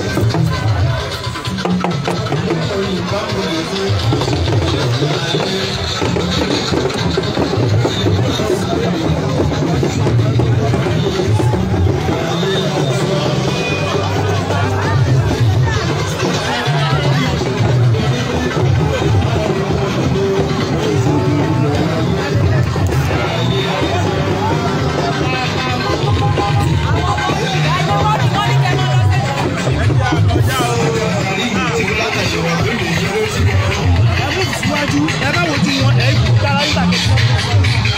Thank you. wojú ẹ má wojú wọn ẹ dára yín tàbí.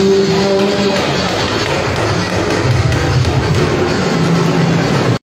Thank you.